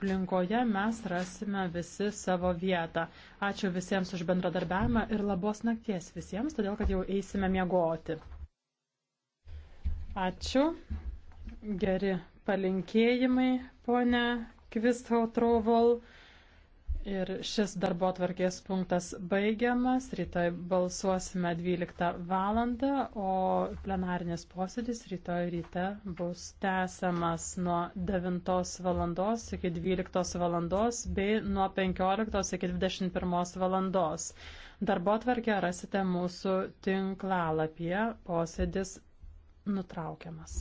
aplinkoje mes rasime visi savo vietą. Ačiū visiems už bendradarbiavimą ir labos nakties visiems, todėl kad jau eisime miegoti. Ačiū. Geri palinkėjimai, ponia Kvisthautrovol. Ir šis darbo atvarkės punktas baigiamas. Rytoj balsuosime 12 valandą, o plenarinis posėdis rytoj ryte bus tęsiamas nuo 9 valandos iki 12 valandos bei nuo 15 iki 21 valandos. Darbo atvarkę rasite mūsų tinklalapyje. Posėdis nutraukiamas.